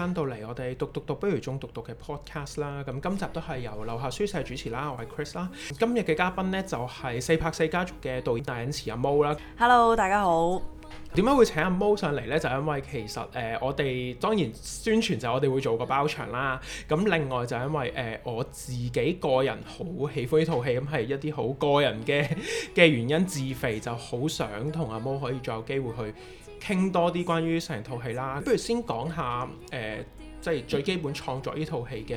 翻到嚟，我哋讀讀讀不如中讀讀嘅 podcast 啦。咁今集都係由留下書舍主持啦，我係 Chris 啦。今日嘅嘉賓呢，就係、是、四拍四家族嘅導演大忍慈阿 Mo 啦。Hello，大家好。點解會請阿 Mo 上嚟呢？就因為其實誒、呃，我哋當然宣傳就我哋會做個包場啦。咁另外就因為誒、呃、我自己個人好喜歡呢套戲，咁、就、係、是、一啲好個人嘅嘅原因，自肥就好想同阿 Mo 可以再有機會去。傾多啲關於成套戲啦，不如先講下誒、呃，即係最基本創作呢套戲嘅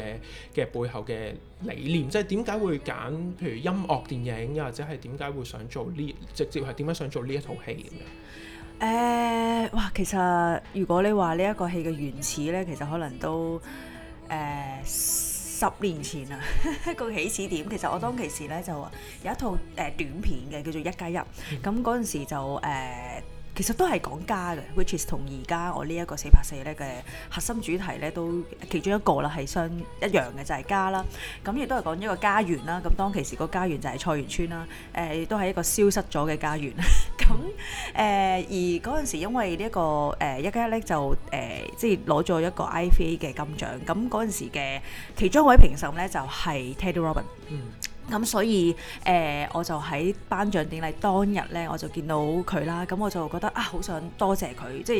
嘅背後嘅理念，即係點解會揀譬如音樂電影，又或者係點解會想做呢，直接係點樣想做呢一套戲咁樣？誒、呃，哇，其實如果你話呢一個戲嘅原始呢，其實可能都誒、呃、十年前啊，個 起始點。其實我當其時呢、嗯、就有一套誒短片嘅叫做《一加一》，嗯，咁嗰陣時就誒。呃其實都係講家嘅，which is 同而家我呢一個四拍四咧嘅核心主題咧都其中一個啦，係相一樣嘅就係家啦。咁亦都係講一個家園啦。咁當其時個家園就係菜園村啦。誒，亦都係一個消失咗嘅家園。咁誒，而嗰陣時因為呢一個誒一加一咧就誒即係攞咗一個 IVA 嘅金獎。咁嗰陣時嘅其中一位評審咧就係 Teddy Robin。嗯。咁所以誒、呃，我就喺頒獎典禮當日咧，我就見到佢啦。咁我就覺得啊，好想謝、呃、多謝佢，即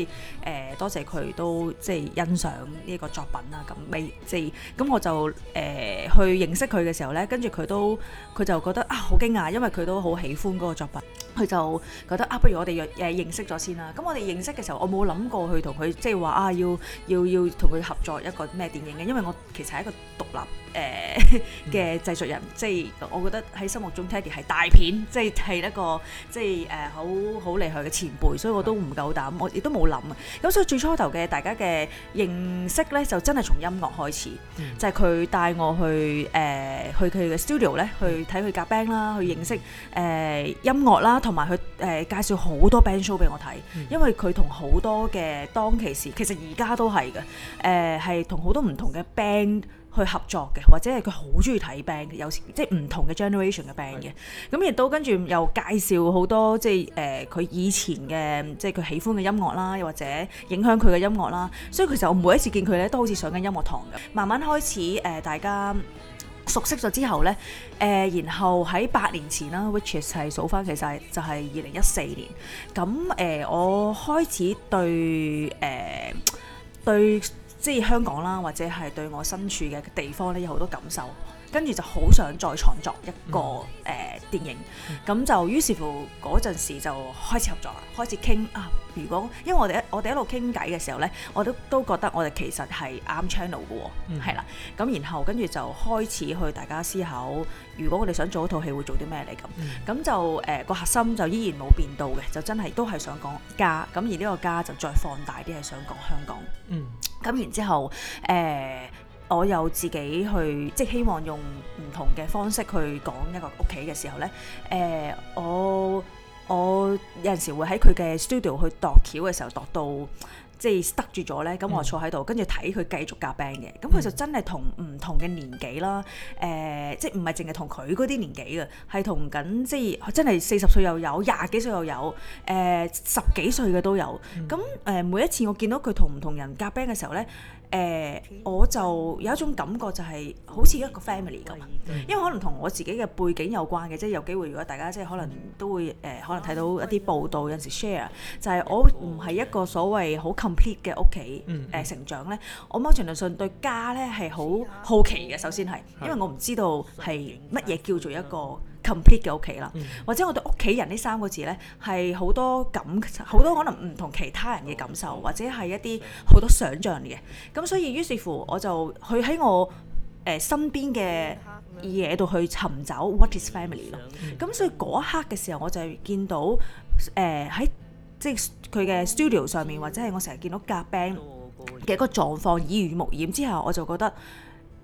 係誒多謝佢都即係欣賞呢個作品啦。咁未即係咁我就誒、呃、去認識佢嘅時候咧，跟住佢都佢就覺得啊好驚訝，因為佢都好喜歡嗰個作品，佢就覺得啊不如我哋約誒認識咗先啦。咁我哋認識嘅時候，我冇諗過去同佢即係話啊要要要同佢合作一個咩電影嘅，因為我其實係一個獨立。誒嘅 製作人，即係我覺得喺心目中 ，Teddy 係大片，即係係一個即係誒好好厲害嘅前輩，所以我都唔夠膽，我亦都冇諗啊。咁所以最初頭嘅大家嘅認識呢，就真係從音樂開始， 就係佢帶我去誒、呃、去佢嘅 studio 呢，去睇佢夾 band 啦，去認識誒、呃、音樂啦，同埋佢誒介紹好多 band show 俾我睇， 因為佢同好多嘅當其時，其實而家都係嘅誒，係、呃、同好多唔同嘅 band，去合作嘅，或者係佢好中意睇 band，有時即係唔同嘅 generation 嘅 band 嘅。咁亦都跟住又介紹好多即係誒佢以前嘅，即係佢喜歡嘅音樂啦，又或者影響佢嘅音樂啦。所以其實我每一次見佢咧，都好似上緊音樂堂嘅。慢慢開始誒、呃，大家熟悉咗之後呢，誒、呃，然後喺八年前啦、啊，which is 係數翻，其實就係二零一四年。咁誒、呃，我開始對誒、呃、對。即係香港啦，或者係對我身處嘅地方咧，有好多感受。跟住就好想再創作一個誒、嗯呃、電影，咁、嗯、就於是乎嗰陣時就開始合作啦，開始傾啊。如果因為我哋一我哋一路傾偈嘅時候呢，我都都覺得我哋其實係啱 channel 嘅喎，係、嗯、啦。咁然後跟住就開始去大家思考，如果我哋想做一套戲會做啲咩嚟咁。咁、嗯嗯、就誒、呃、個核心就依然冇變到嘅，就真係都係想講家，咁而呢個家就再放大啲係想講香港。嗯。咁、嗯、然之後誒。我有自己去，即係希望用唔同嘅方式去講一個屋企嘅時候呢。誒、呃，我我有陣時會喺佢嘅 studio 去度橋嘅時候度到即係 stuck 住咗呢。咁我坐喺度，跟住睇佢繼續夾 band 嘅，咁佢就真係同唔同嘅年紀啦，誒、呃，即係唔係淨係同佢嗰啲年紀嘅，係同緊即係真係四十歲又有廿幾歲又有，誒、呃，十幾歲嘅都有，咁誒、嗯呃，每一次我見到佢同唔同人夾 band 嘅時候呢。誒、呃、我就有一種感覺，就係好似一個 family 咁，因為可能同我自己嘅背景有關嘅，即係有機會，如果大家即係可能都會誒、呃，可能睇到一啲報道有陣時 share，就係我唔係一個所謂好 complete 嘅屋企誒、呃、成長呢，嗯嗯、我某程度上對家呢係好好奇嘅，首先係因為我唔知道係乜嘢叫做一個。complete 嘅屋企啦，嗯、或者我哋屋企人呢三個字呢，係好多感，好多可能唔同其他人嘅感受，或者係一啲好多想像嘅。咁所以於是乎，我就去喺我誒身邊嘅嘢度去尋找 what is family 咯。咁、嗯、所以嗰一刻嘅時候，我就係見到誒喺、呃、即係佢嘅 studio 上面，嗯、或者係我成日見到夾 band 嘅嗰個狀況，耳濡目染之後，我就覺得。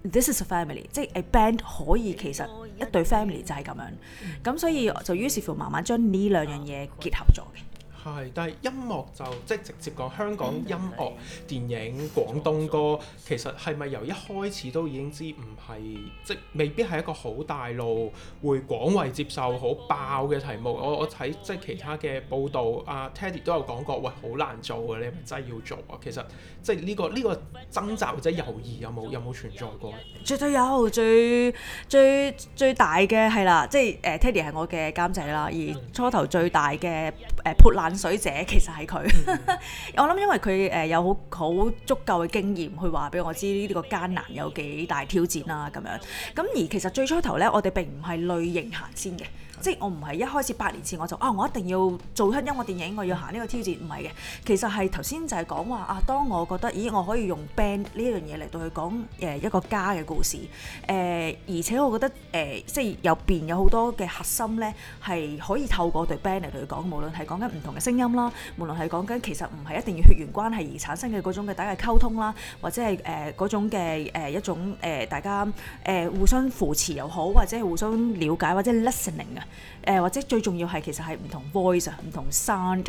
This is a family，即係 band 可以其實一對 family 就係咁樣，咁所以就於是乎慢慢將呢兩樣嘢結合咗嘅。係，但係音樂就即係直接講香港音樂、音樂電影、廣東歌，其實係咪由一開始都已經知唔係即未必係一個好大路會廣為接受、好爆嘅題目？我我睇即係其他嘅報道，阿、啊、Teddy 都有講過，喂，好難做嘅，你係咪真係要做啊？其實即係、呢、呢個呢、呢個掙扎或者猶豫有冇有冇存在過？絕對有最，最最最大嘅係啦，即係誒、呃、Teddy 係我嘅監製啦，而初頭最大嘅誒潑辣。呃水者其實係佢， 我諗因為佢誒有好好足夠嘅經驗，佢話俾我知呢個艱難有幾大挑戰啦、啊、咁樣。咁而其實最初頭咧，我哋並唔係類型行先嘅。即係我唔係一開始八年前我就啊，我一定要做出音樂電影，我要行呢個挑戰，唔係嘅。其實係頭先就係講話啊，當我覺得咦，我可以用 band 呢樣嘢嚟到去講誒一個家嘅故事誒、呃，而且我覺得誒、呃，即係入邊有好多嘅核心咧，係可以透過對 band 嚟同佢講，無論係講緊唔同嘅聲音啦，無論係講緊其實唔係一定要血緣關係而產生嘅嗰種嘅大家溝通啦，或者係誒嗰種嘅誒、呃、一種誒、呃、大家誒、呃、互相扶持又好，或者係互相了解或者 listening 啊。誒或者最重要係其實係唔同 voice 啊，唔同 sound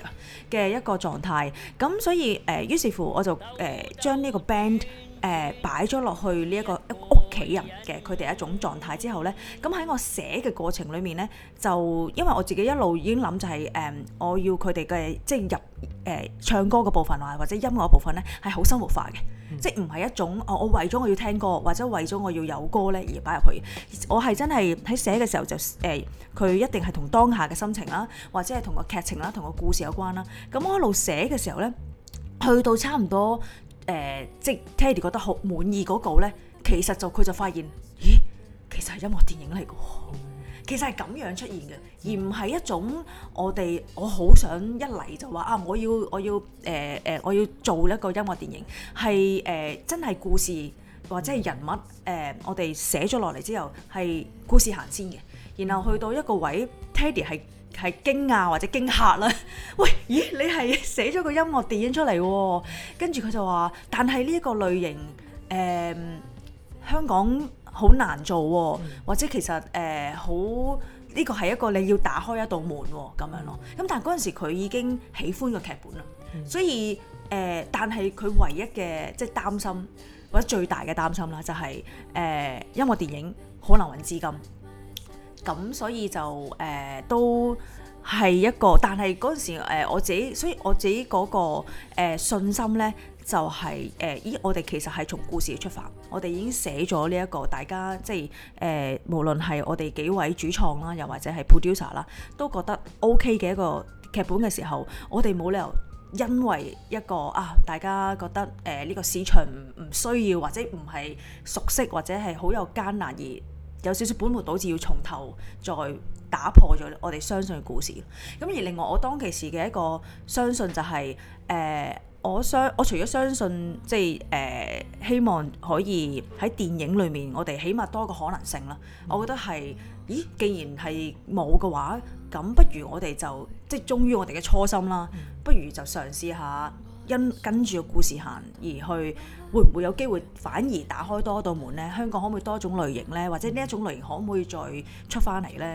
嘅一個狀態，咁所以誒、呃、於是乎我就誒、呃、將呢個 band。誒擺咗落去呢一個屋企人嘅佢哋一種狀態之後呢，咁喺我寫嘅過程裏面呢，就因為我自己一路已經諗就係、是、誒、嗯，我要佢哋嘅即係入誒、呃、唱歌嘅部分或者音樂嘅部分呢，係好生活化嘅，嗯、即唔係一種我、哦、我為咗我要聽歌或者為咗我要有歌呢而擺入去，我係真係喺寫嘅時候就誒，佢、呃、一定係同當下嘅心情啦，或者係同個劇情啦、同個故事有關啦。咁我一路寫嘅時候呢，去到差唔多。誒、呃，即係 Teddy 覺得好滿意嗰個咧，其實就佢就發現，咦，其實係音樂電影嚟嘅，其實係咁樣出現嘅，而唔係一種我哋我好想一嚟就話啊，我要我要誒誒、呃，我要做一個音樂電影係誒、呃，真係故事或者係人物誒、呃，我哋寫咗落嚟之後係故事行先嘅，然後去到一個位，Teddy 係。係驚訝或者驚嚇啦！喂，咦？你係寫咗個音樂電影出嚟啊？跟住佢就話，但係呢個類型，誒、呃，香港好難做啊，或者其實誒、呃，好呢個係一個你要打開一道門咁啊樣咯。咁但係嗰陣時佢已經喜歡個劇本啦，所以誒、呃，但係佢唯一嘅即係擔心或者最大嘅擔心啦，就是，就係誒音樂電影可能搵資金。咁所以就誒、呃、都係一個，但係嗰陣時、呃、我自己，所以我自己嗰、嗰個、呃、信心呢，就係誒依我哋其實係從故事嘅出發，我哋已經寫咗呢一個大家即係誒、呃，無論係我哋幾位主創啦，又或者係 producer 啦，都覺得 O K 嘅一個劇本嘅時候，我哋冇理由因為一個啊，大家覺得誒呢、呃呢個市場唔唔需要，或者唔係熟悉，或者係好有艱難而。有少少本末倒置，要從頭再打破咗我哋相信嘅故事。咁而另外，我當其時嘅一個相信就係誒，我相我除咗相信，即係誒，希望可以喺電影裏面，我哋起碼多個可能性啦。嗯，我覺得係咦，既然係冇嘅話，咁不如我哋就即係忠於我哋嘅初心啦，不如就嘗試下。因跟住個故事行而去，會唔會有機會反而打開多道門呢？香港可唔可以多種類型呢？或者呢一種類型可唔可以再出翻嚟呢？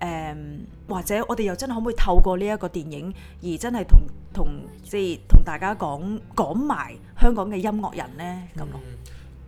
誒、嗯，或者我哋又真係可唔可以透過呢一個電影而真係同同即係同大家講講埋香港嘅音樂人呢？咁咯。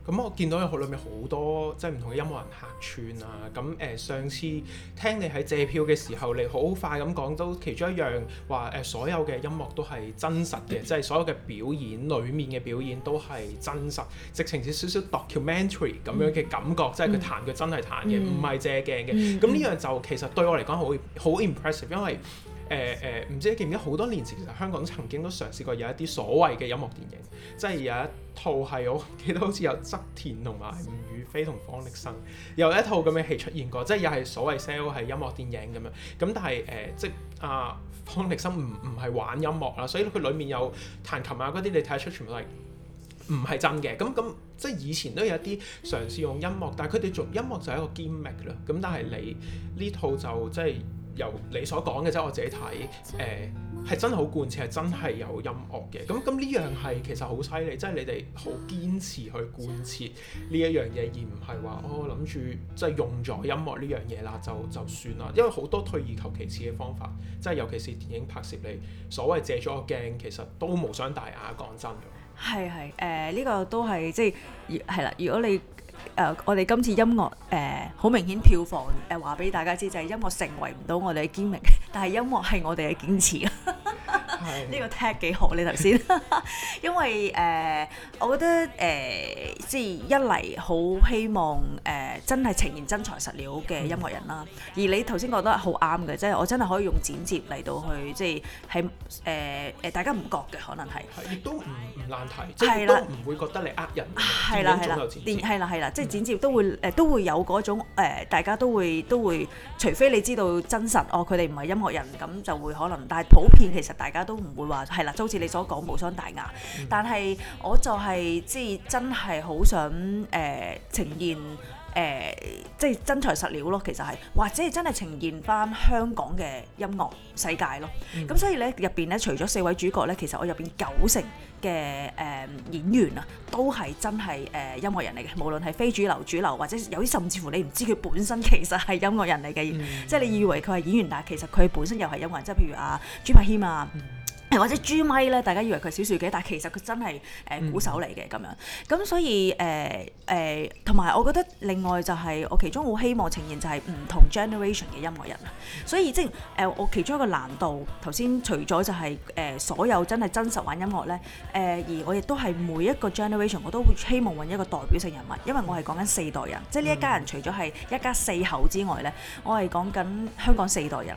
咁我見到喺佢裏面好多即係唔同嘅音樂人客串啊！咁誒、呃、上次聽你喺謝票嘅時候，你好快咁講都其中一樣話誒、呃，所有嘅音樂都係真實嘅，即係所有嘅表演裏面嘅表演都係真實，直情似少少 documentary 咁樣嘅感覺，嗯、即係佢彈佢真係彈嘅，唔係、嗯、借鏡嘅。咁呢、嗯、樣就其實對我嚟講好好 impressive，因為。誒誒，唔、呃、知你記唔記得好多年前，其實香港曾經都嘗試過有一啲所謂嘅音樂電影，即係有一套係我記得好似有側田同埋吳雨霏同方力申，有一套咁嘅戲出現過，即係又係所謂 sell 係音樂電影咁樣。咁但係誒、呃，即係、啊、方力申唔唔係玩音樂啦，所以佢裡面有彈琴啊嗰啲，你睇得出全部都係唔係真嘅。咁咁即係以前都有一啲嘗試用音樂，但係佢哋做音樂就係一個 gimmick 啦。咁但係你呢套就即係。由你所講嘅啫，我自己睇誒係真好貫徹，係真係有音樂嘅。咁咁呢樣係其實好犀利，即係你哋好堅持去貫徹呢一樣嘢，而唔係話我諗住即係用咗音樂呢樣嘢啦就就算啦。因為好多退而求其次嘅方法，即係尤其是電影拍攝，你所謂借咗個鏡，其實都無傷大雅講真。係係誒，呢個都係即係係啦，如果你。誒，uh, 我哋今次音樂誒，好、uh, 明顯票房誒，話、uh, 俾大家知就係、是、音樂成為唔到我哋嘅 gimmick，但係音樂係我哋嘅堅持。 呢、 個 tag 幾好，你頭先，因為誒、呃、我覺得誒即係一嚟好希望誒、呃、真係呈現真材實料嘅音樂人啦。而你頭先覺得好啱嘅，即係我真係可以用剪接嚟到去，即係喺誒誒大家唔覺嘅可能係亦 都唔唔難睇，即係啦，唔的會覺得你呃人。係啦係啦，電係啦係啦，嗯、即係剪接都會誒、呃、都會有嗰種誒、呃，大家都會都會除非你知道真實哦，佢哋唔係音樂人，咁就會可能。但係普遍其實大家。都唔會話係啦，就好似你所講無傷大雅。嗯、但係我就係、呃呃呃、即係真係好想誒呈現誒即係真材實料咯，其實係或者係真係呈現翻香港嘅音樂世界咯。咁、嗯、所以呢，入邊呢，除咗四位主角呢，其實我入邊九成，嘅誒、呃、演員啊，都係真係誒、呃、音樂人嚟嘅，無論係非主流、主流，或者有啲甚至乎你唔知佢本身其實係音樂人嚟嘅，嗯、即係你以為佢係演員，但係其實佢本身又係音樂人，即係譬如啊，朱柏謙啊。嗯或者朱咪咧，大家以為佢係小說嘅，但係其實佢真係誒鼓手嚟嘅咁樣。咁所以誒誒同埋我覺得另外就係、是、我其中好希望呈現就係唔同 generation 嘅音樂人。嗯、所以即係誒，我其中一個難度頭先除咗就係、是、誒、呃、所有真係真實玩音樂咧，誒、呃、而我亦都係每一個 generation 我都會希望揾一個代表性人物，因為我係講緊四代人，即係呢一家人除咗係一家四口之外咧，我係講緊香港四代人。誒、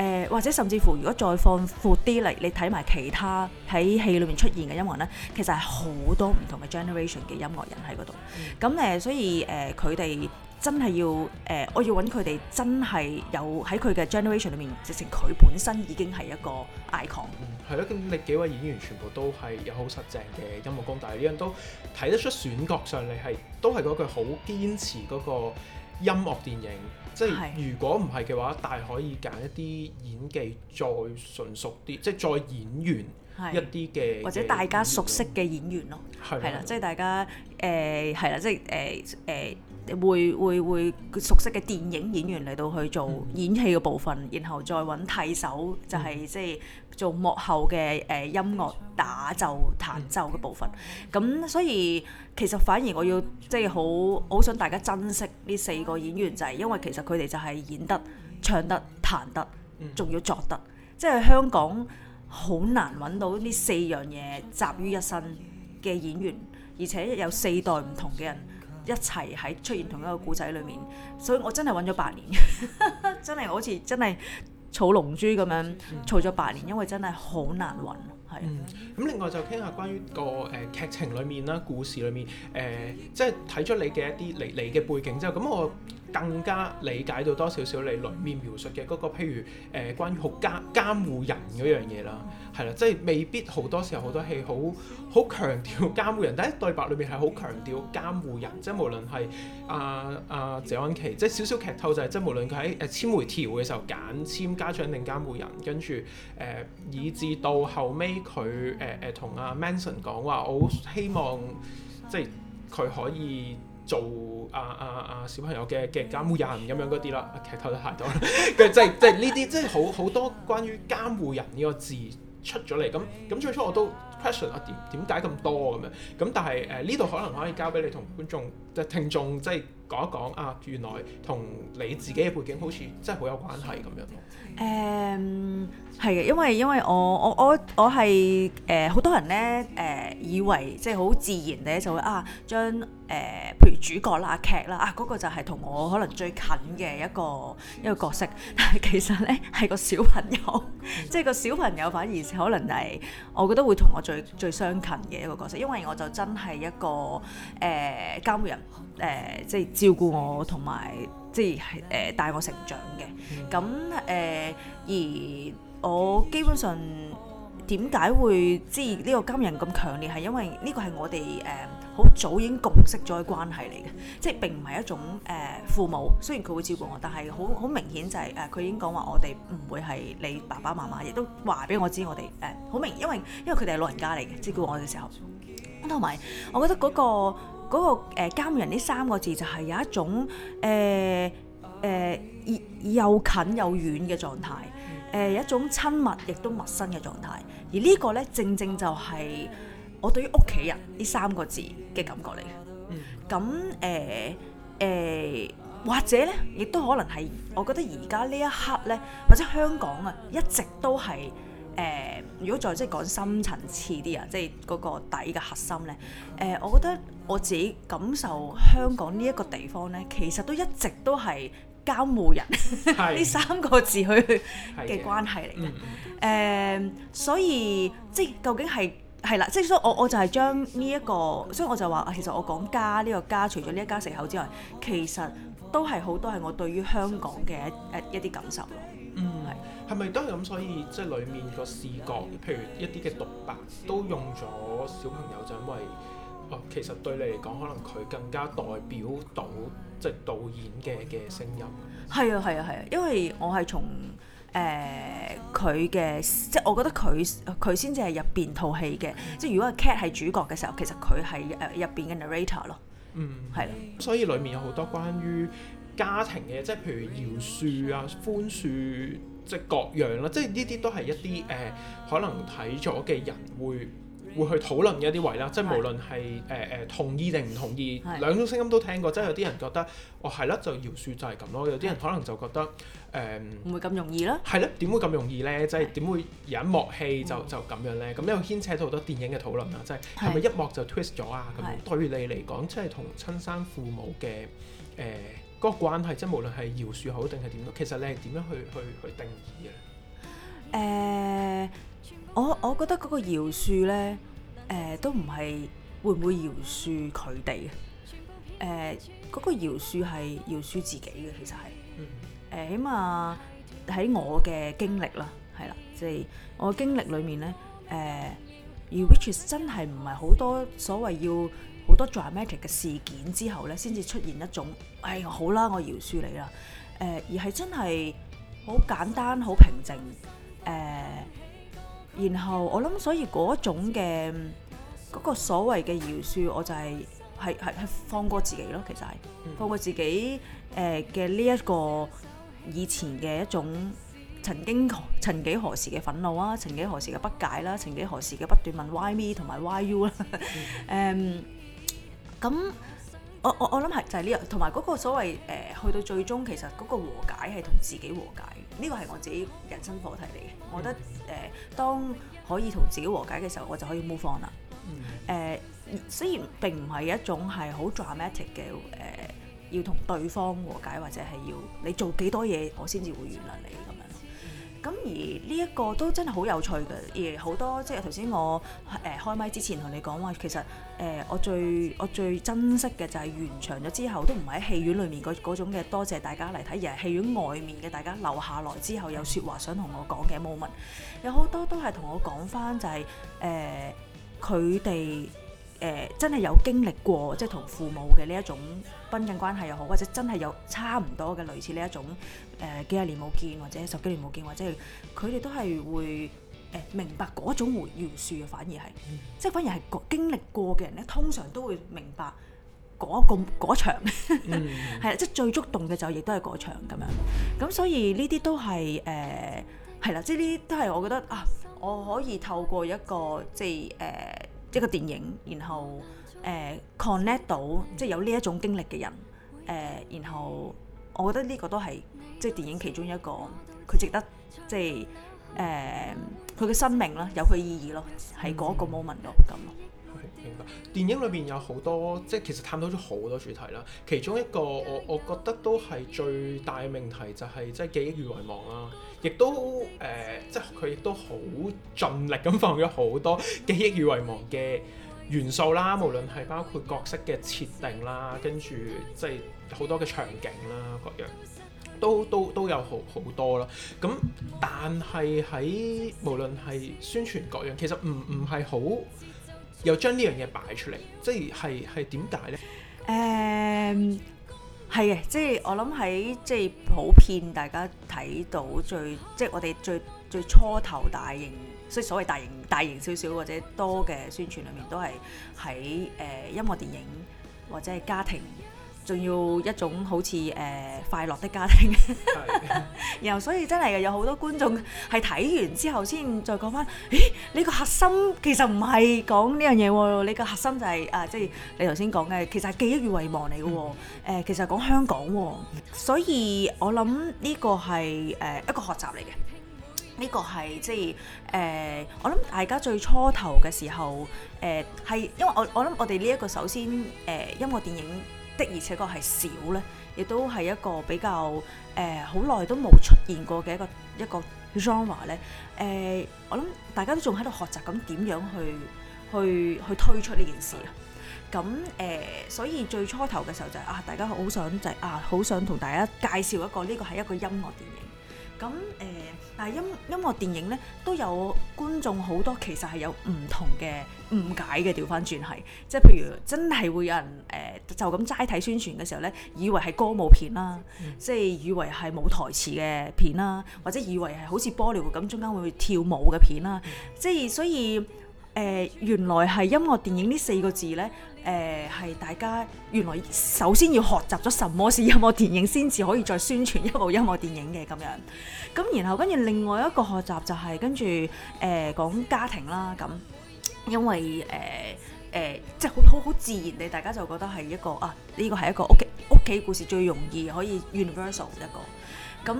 呃、或者甚至乎如果再放闊啲嚟，你睇埋。其他喺戲裏面出現嘅音樂人咧，其實係好多唔同嘅 generation 嘅音樂人喺嗰度。咁誒、嗯，所以誒，佢、呃、哋真係要誒、呃，我要揾佢哋真係有喺佢嘅 generation 裏面，直情佢本身已經係一個 icon。係咯、嗯，咁你幾位演員全部都係有好實淨嘅音樂功底，呢樣都睇得出選角上嚟係都係嗰句好堅持嗰、那個。音樂電影，即係是如果唔係嘅話，大可以揀一啲演技再純熟啲，即係再演員一啲嘅，或者大家熟悉嘅演員咯，係啦，即係大家誒係啦，即係誒誒。呃呃會會會熟悉嘅電影演員嚟到去做演戲嘅部分，嗯、然後再揾替手，嗯、就係即係做幕後嘅誒音樂打奏彈奏嘅部分。咁、嗯、所以其實反而我要即係好好想大家珍惜呢四個演員，就係、是、因為其實佢哋就係演得、嗯、唱得、彈得，仲要作得。即係、嗯、香港好難揾到呢四樣嘢集於一身嘅演員，而且有四代唔同嘅人。一齊喺出現同一個故仔裏面，所以我真係揾咗八年， 真係好似真係儲龍珠咁樣，儲咗八年，因為真係好難揾，係。嗯，咁另外就傾下關於、那個誒、呃、劇情裏面啦，故事裏面誒、呃，即係睇咗你嘅一啲你你嘅背景之後，咁我更加理解到多少少你裏面描述嘅嗰、那個譬如誒、呃、關於學家監，監護人嗰樣嘢啦。係啦，即係未必好多時候好多戲好好強調監護人，但係對白裏面係好強調監護人，即係無論係阿阿謝安琪，即係少少劇透就係，即係無論佢喺誒簽回條嘅時候揀簽家長定監護人，跟住誒以至到後尾佢誒誒同阿 Manson 講話，啊啊啊、我好希望即係佢可以做阿阿阿小朋友嘅嘅監護人咁樣嗰啲啦，劇透得太多啦，即係即係呢啲即係好好多關於監護人呢個字。出咗嚟，咁咁最初我都 question 啊，點點解咁多咁樣咁，但係誒呢度可能可以交俾你同觀眾，即係聽眾，即係講一講啊，原來同你自己嘅背景好似真係好有關係咁樣。誒係嘅，因為因為我我我我係誒好多人咧誒、呃、以為即係好自然嘅就會啊將誒、呃，譬如主角啦、劇啦，啊嗰、那個就係同我可能最近嘅一個一個角色，但係其實咧係個小朋友，即、就、係、是、個小朋友反而可能係我覺得會同我最最相近嘅一個角色，因為我就真係一個誒、呃、監護人，誒、呃、即係照顧我同埋即係誒帶我成長嘅。咁誒、嗯呃、而我基本上點解會即係呢個監護人咁強烈，係因為呢個係我哋誒。呃好早已經共識咗嘅關係嚟嘅，即係並唔係一種誒、呃、父母。雖然佢會照顧我，但係好好明顯就係誒佢已經講話我哋唔會係你爸爸媽媽，亦都話俾我知我哋誒好明顯。因為因為佢哋係老人家嚟嘅照顧我嘅時候，同埋我覺得嗰、那個嗰、那個、呃、監護人呢三個字就係有一種誒誒、呃呃、又近又遠嘅狀態，有、呃、一種親密亦都陌生嘅狀態。而個呢個咧正，正正就係、是。我對於屋企人呢三個字嘅感覺嚟嘅，咁誒誒，或者呢，亦都可能係我覺得而家呢一刻呢，或者香港啊，一直都係誒、呃。如果再即係講深層次啲啊，即係嗰個底嘅核心呢，誒、呃，我覺得我自己感受香港呢一個地方呢，其實都一直都係屋企人呢是 三個字去嘅關係嚟嘅。誒、嗯呃，所以即係究竟係。係啦，即係所以我，我我就係將呢、這、一個，所以我就話，其實我講家呢、這個家，除咗呢一家四口之外，其實都係好多係我對於香港嘅一啲感受咯。嗯，係係咪都係咁？所以即係裡面個視覺，譬如一啲嘅獨白，都用咗小朋友，就因為其實對你嚟講，可能佢更加代表到即係導演嘅嘅聲音。係啊，係啊，係啊，啊，因為我係從。誒佢嘅即係我覺得佢佢先至係入邊套戲嘅，嗯、即係如果 cat 係主角嘅時候，其實佢係誒入邊嘅 narrator 咯。嗯，係啦的，所以裡面有好多關於家庭嘅，即係譬如饒恕啊、寬恕，即係各樣啦，即係呢啲都係一啲誒、呃、可能睇咗嘅人會。會去討論一啲位啦，即係無論係誒誒同意定唔同意，兩種聲音都聽過。即係有啲人覺得，哦係啦，就饒恕就係咁咯。有啲人可能就覺得誒，唔會咁容易啦。係啦，點會咁容易咧？即係點會有一幕戲就就咁樣咧？咁呢個牽扯到好多電影嘅討論啦。即係係咪一幕就 twist 咗啊？咁對你嚟講，即係同親生父母嘅誒嗰個關係，即係無論係饒恕好定係點咯。其實你係點樣去去去定義嘅？誒，我我覺得嗰個饒恕咧。誒，都唔係會唔會饒恕佢哋嘅？誒，嗰個饒恕係饒恕自己嘅，其實係，嗯，誒，起碼喺我嘅經歷啦，係啦，即係我經歷裏面咧，誒，而 which 真係唔係好多所謂要好多 dramatic 嘅事件之後咧，先至出現一種，哎，好啦，我饒恕你啦，誒，而係真係好簡單，好平靜，誒，然後我諗，所以嗰種嘅。嗰個所謂嘅饒恕，我就係係係係放過自己咯，其實係放過自己誒嘅呢一個以前嘅一種曾經，曾幾何時嘅憤怒啊，曾幾何時嘅不解啦、啊，曾幾何時嘅不斷問 why me 同埋 why you 啦，誒咁、嗯 嗯、我我我諗係就係呢樣，同埋嗰個所謂誒、呃、去到最終，其實嗰個和解係同自己和解，呢個係我自己人生課題嚟嘅。嗯、我覺得誒、呃，當可以同自己和解嘅時候，我就可以 move on 啦。誒、嗯呃、雖然並唔係一種係好 dramatic 嘅誒、呃，要同對方和解或者係要你做幾多嘢，我先至會原諒你咁樣。咁、嗯嗯、而呢一個都真係好有趣嘅，而好多即係頭先我誒、呃、開麥之前同你講話，其實誒、呃、我最我最珍惜嘅就係完場咗之後，都唔係喺戲院裏面嗰種嘅，多謝大家嚟睇，而係戲院外面嘅大家留下來之後有説話想同我講嘅 moment，有好多都係同我講返就係、是、誒。呃佢哋誒真係有經歷過，即係同父母嘅呢一種婚姻關係又好，或者真係有差唔多嘅類似呢一種誒、呃、幾廿年冇見，或者十幾年冇見，或者佢哋都係會誒、呃、明白嗰種無言啊，反而係，即係反而係經歷過嘅人咧，通常都會明白嗰、嗰個嗰場，嗯嗯嗯 係啦，即係最觸動嘅就亦都係嗰場咁樣。咁所以呢啲都係誒係啦，即係呢啲都係我覺得啊。我可以透過一個即係誒、呃、一個電影，然後誒、呃、connect 到即係有呢一種經歷嘅人誒、呃，然後我覺得呢個都係即係電影其中一個佢值得即係誒佢嘅生命啦，有佢意義咯，係嗰個 moment 咯。咁、嗯。明白。電影裏邊有好多，即係其實探討咗好多主題啦。其中一個我我覺得都係最大嘅命題就係即係記憶與遺忘啦。亦都誒、呃，即係佢亦都好盡力咁放咗好多記憶與遺忘嘅元素啦。無論係包括角色嘅設定啦，跟住即係好多嘅場景啦，各樣都都都有好好多咯。咁但係喺無論係宣傳各樣，其實唔唔係好。又將呢樣嘢擺出嚟，即係係點解呢？誒，係嘅，即係我諗喺即係普遍大家睇到最，即係我哋最最初頭大型，即係所謂大型大型少少或者多嘅宣傳裏面都，都係喺誒音樂電影或者係家庭。仲要一種好似誒快樂的家庭，然後所以真係有好多觀眾係睇完之後先再講返。咦？你個核心其實唔係講呢樣嘢喎，你個核心就係啊，即係你頭先講嘅，其實係記憶與遺忘嚟嘅誒。其實係講香港，所以我諗呢個係誒一個學習嚟嘅。呢個係即係誒，我諗大家最初頭嘅時候誒係因為我我諗我哋呢一個首先誒音樂電影。的而且確係少咧，亦都係一個比較誒，好、呃、耐都冇出現過嘅一個一個 genre 咧。誒，我諗大家都仲喺度學習緊點樣去去去推出呢件事啊。咁誒、呃，所以最初頭嘅時候就係、是、啊，大家好想就係、是、啊，好想同大家介紹一個呢個係一個音樂電影。咁誒、呃，但係音音樂電影咧都有觀眾好多，其實係有唔同嘅誤解嘅。調翻轉係，即係譬如真係會有人誒、呃、就咁齋睇宣傳嘅時候咧，以為係歌舞片啦，嗯、即係以為係冇台詞嘅片啦，或者以為係好似 Bollywood 咁中間會跳舞嘅片啦，嗯、即係所以誒、呃，原來係音樂電影呢四個字咧。誒，係大家原來首先要學習咗什麼是音樂電影，先至可以再宣傳一部音樂電影嘅，咁樣。咁然後跟住另外一個學習就係跟住誒，講家庭啦，咁，因為誒誒即係好好好自然地，大家就覺得係一個啊，呢個係一個屋企屋企故事最容易可以 universal 一個。咁誒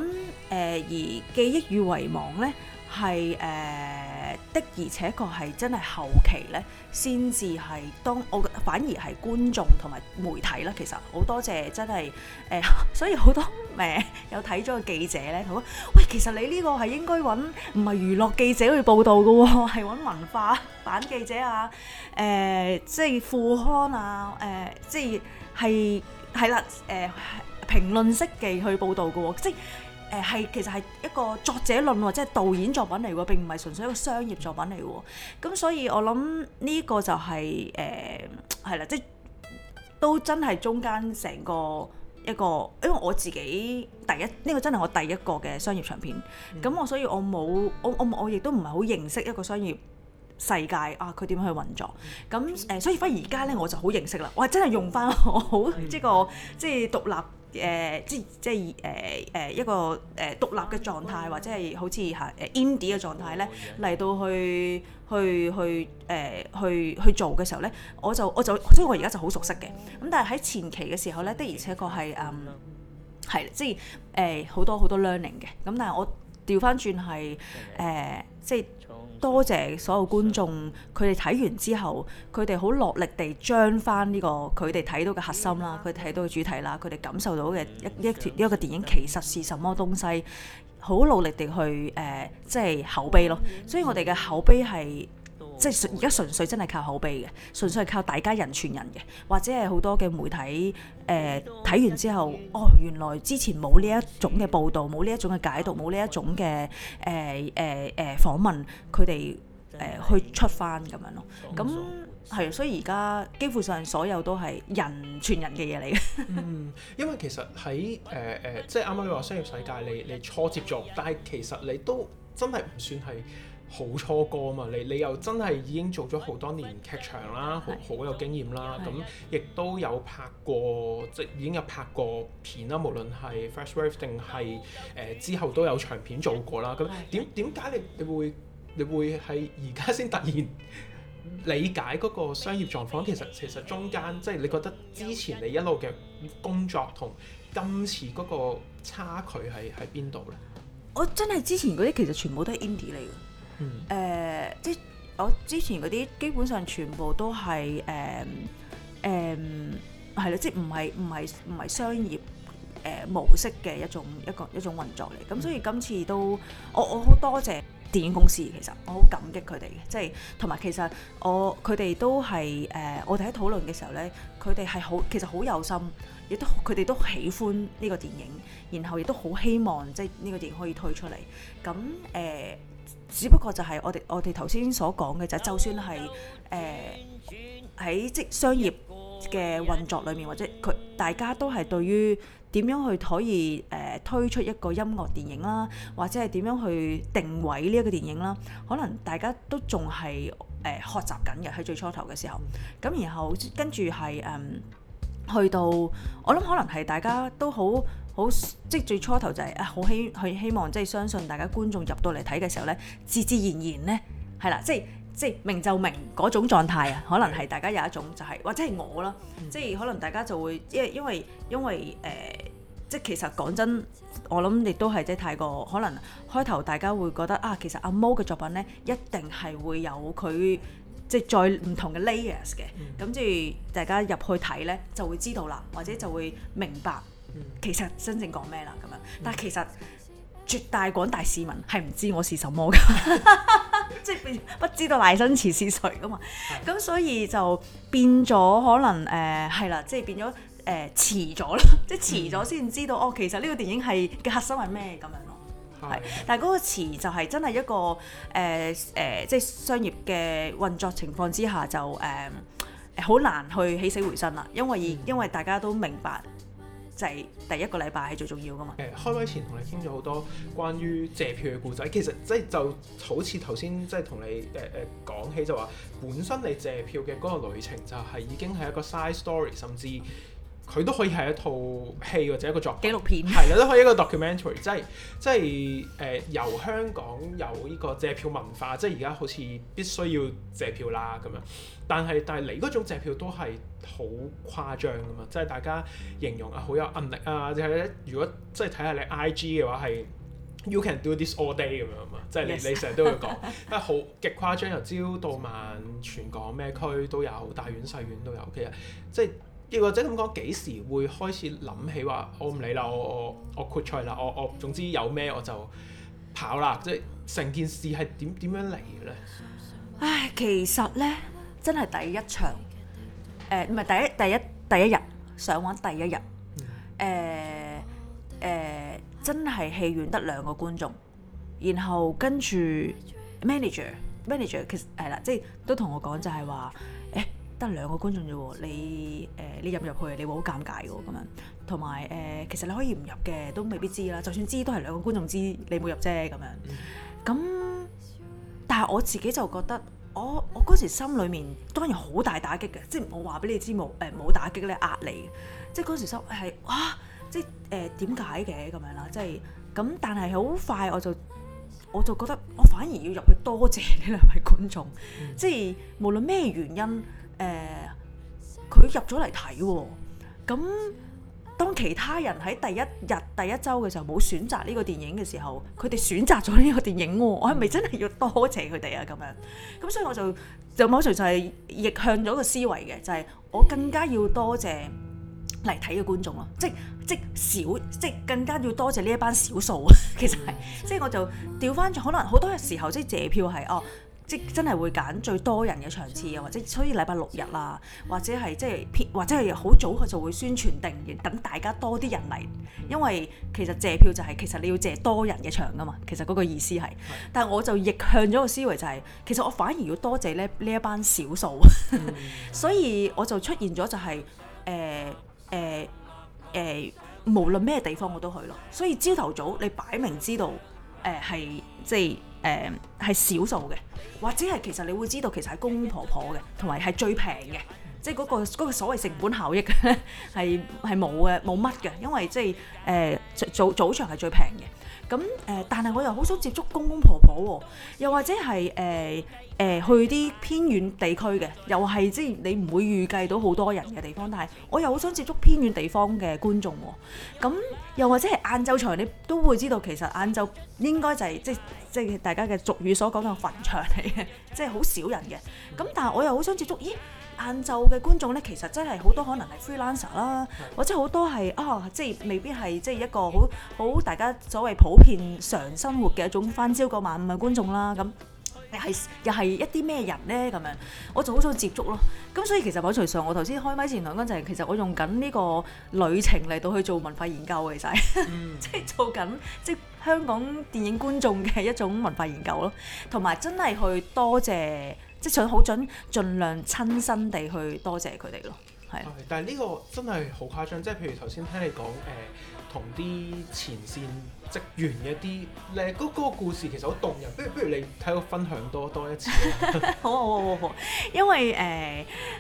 而記憶與遺忘呢係誒。的而且確係真係後期咧，先至係當我反而係觀眾同埋媒體啦。其實好多謝真係誒、呃，所以好多誒、呃、有睇咗個記者咧，同喂，其實你呢個係應該揾唔係娛樂記者去報導嘅喎、哦，係揾文化版記者啊，誒、呃、即係副刊啊，誒、呃、即係係係啦，誒評論式嘅去報導嘅喎、哦，即係。誒係，其實係一個作者論或者係導演作品嚟喎，並唔係純粹一個商業作品嚟喎。咁所以，我諗呢個就係誒係啦，即都真係中間成個一個，因為我自己第一呢、呢個真係我第一個嘅商業長片。咁、嗯、我所以我冇，我我我亦都唔係好認識一個商業世界啊，佢點樣去運作？咁誒，所以反而而家呢，我就好認識啦。我真係用翻我好即係個即係、就是、獨立。誒、呃，即即係誒誒一個誒、呃、獨立嘅狀態，或者係好似係誒、呃、indie 嘅狀態咧，嚟到去去去誒、呃、去去，去做嘅時候咧，我就我就即係我而家就好熟悉嘅。咁但係喺前期嘅時候咧，的而且確係嗯係即係誒好多好多 learning 嘅。咁但係我調翻轉調返轉係誒即係。多謝所有觀眾，佢哋睇完之後，佢哋好落力地將返呢個佢哋睇到嘅核心啦，佢睇到嘅主題啦，佢哋感受到嘅一、嗯嗯、一個、一個電影其實是什麼東西，好努力地去誒，即、呃、係、就是、口碑咯。所以我哋嘅口碑係。即係而家純粹真係靠口碑嘅，純粹係靠大家人傳人嘅，或者係好多嘅媒體誒呃、睇完之後，哦，原來之前冇呢一種嘅報道，冇呢一種嘅解讀，冇呢、嗯、一種嘅誒誒誒訪問，佢哋誒去出翻咁樣咯。咁係啊，所以而家幾乎上所有都係人傳人嘅嘢嚟嘅。嗯，因為其實喺誒誒，即係啱啱你話商業世界，你你初接觸，但係其實你都真係唔算係。好初哥嘛？你你又真係已經做咗好多年劇場啦，好好有經驗啦。咁亦都有拍過，即係已經有拍過片啦。無論係 Fresh Wave 定係誒之後都有長片做過啦。咁點點解你你會你會喺而家先突然理解嗰個商業狀況？其實其實中間即係你覺得之前你一路嘅工作同今次嗰個差距係喺邊度咧？我真係之前嗰啲其實全部都係 Indie 嚟㗎。誒，uh, 即係我之前嗰啲基本上全部都係誒誒，係、嗯、咯、嗯，即係唔係唔係唔係商業誒、呃、模式嘅一種一個一種運作嚟。咁所以今次都我我好多謝電影公司，其實我好感激佢哋嘅。即係同埋其實我佢哋都係誒、呃，我哋喺討論嘅時候咧，佢哋係好其實好有心，亦都佢哋都喜歡呢個電影，然後亦都好希望即係呢、呢個電影可以推出嚟咁誒。只不過就係我哋，我哋頭先所講嘅，就係就算係誒喺即商業嘅運作裏面，或者佢大家都係對於點樣去可以誒、呃、推出一個音樂電影啦，或者係點樣去定位呢一個電影啦，可能大家都仲係誒學習緊嘅喺最初頭嘅時候。咁然後跟住係誒去到我諗可能係大家都好。好即係最初頭就係、是、啊，好希佢希望即係相信大家觀眾入到嚟睇嘅時候呢，自自然然呢係啦，即係即係明就明嗰種狀態啊，可能係大家有一種就係、是、或者係我啦，嗯、即係可能大家就會因為因為因為誒，即係其實講真，我諗亦都係即係太過可能開頭大家會覺得啊，其實阿毛嘅作品呢，一定係會有佢即係再唔同嘅 layers 嘅，跟住、嗯嗯、大家入去睇呢，就會知道啦，或者就會明白。其實真正講咩啦，咁樣，但係其實絕大廣大市民係唔知我是什麼噶，即係 不知道賴恩慈是誰噶嘛，咁所以就變咗可能誒係、呃、啦，即、就、係、是、變咗誒遲咗啦，即係遲咗先知道、嗯、哦，其實呢個電影係嘅核心係咩咁樣咯，係、嗯，但係嗰個遲就係真係一個誒誒、呃呃、即係商業嘅運作情況之下就誒好、呃、難去起死回生啦，因為、嗯、因為大家都明白。就係第一個禮拜係最重要噶嘛。誒、呃、開會前同你傾咗好多關於謝票嘅故仔，其實即係、就是、就好似頭先即係同你誒誒、呃呃、講起就話，本身你謝票嘅嗰個旅程就係已經係一個 side story，甚至佢都可以係一套戲或者一個作紀錄片，係啦都可以一個 documentary，即係即係誒、呃、由香港有呢個謝票文化，即係而家好似必須要謝票啦咁樣。但係，但係你嗰種謝票都係好誇張噶嘛，即係大家形容啊好有壓力啊，即係咧。如果即係睇下你 I G 嘅話，係 You can do this all day 咁樣啊嘛，即係你 Yes 你成日都會講，好 極誇張，由朝到晚，全港咩區都有，大院細院都有。其實即係亦或者咁講，幾時會開始諗起話我唔理啦，我我我闊賽啦，我我，我，我，我總之有咩我就跑啦。即係成件事係點點樣嚟嘅咧？呢唉，其實咧～真係第一場，誒唔係第一第一第一日上映第一日，誒、呃、誒、呃、真係戲院得兩個觀眾，然後跟住 manager manager 其實係啦，即係都同我講就係話，誒得兩個觀眾啫喎，你誒、呃、你入入去，你會好尷尬嘅咁樣，同埋誒其實你可以唔入嘅，都未必知啦，就算知都係兩個觀眾知你冇入啫咁樣，咁但係我自己就覺得。我我嗰時心裏面當然好大打擊嘅，即係我話俾你知冇誒冇打擊咧，壓你嘅，即係嗰時心係哇，即係誒點解嘅咁樣啦，即係咁但係好快我就我就覺得我反而要入去多謝呢兩位觀眾，嗯、即係無論咩原因誒佢、呃、入咗嚟睇喎，咁。當其他人喺第一日、第一週嘅時候冇選擇呢個電影嘅時候，佢哋選擇咗呢個電影，我係咪真係要多謝佢哋啊？咁樣，咁所以我就就某程度就係逆向咗個思維嘅，就係我更加要多謝嚟睇嘅觀眾啊！即即少，即更加要多謝呢一班少數啊！其實係，即我就調翻轉，可能好多嘅時候即謝票係哦。即真係會揀最多人嘅場次啊，或者所以禮拜六日啊，或者係即係或者係好早佢就會宣傳定，等大家多啲人嚟。因為其實謝票就係、是、其實你要謝多人嘅場㗎嘛，其實嗰個意思係。但係我就逆向咗個思維，就是，就係其實我反而要多謝咧呢一班少數，嗯、 所以我就出現咗就係誒誒誒，無論咩地方我都去咯。所以朝頭早你擺明知道誒係，呃、即係。誒，係、嗯、少數嘅，或者係其實你會知道，其實係公公婆婆嘅，同埋係最平嘅，即係嗰、嗰個、嗰個嗰個所謂成本效益係係冇嘅，冇乜嘅，因為即係誒早早場係最平嘅，咁誒、呃，但係我又好想接觸公公婆婆、哦，又或者係誒。呃誒去啲偏遠地區嘅，又係即係你唔會預計到好多人嘅地方，但係我又好想接觸偏遠地方嘅觀眾喎、哦。咁又或者係晏晝場，你都會知道其實晏晝應該就係即即係大家嘅俗語所講嘅墳場嚟嘅，即係好少人嘅。咁但係我又好想接觸，咦晏晝嘅觀眾呢，其實真係好多可能係 freelancer 啦，或者好多係啊，即係未必係即係一個好好大家所謂普遍常生活嘅一種返朝九晚五嘅觀眾啦咁。係又係一啲咩人呢？咁樣，我就好想接觸咯。咁所以其實我除上，我頭先開咪之前講就係，其實我用緊呢個旅程嚟到去做文化研究，其實即係、嗯、 做緊即係香港電影觀眾嘅一種文化研究咯。同埋真係去多謝，即係想好準儘量親身地去多謝佢哋咯。係，但係呢個真係好誇張，即係譬如頭先聽你講誒，同、呃、啲前線。職員一啲咧，嗰、那個故事其實好動人。不如不如你睇我分享多多一次 好。好啊好啊好，因為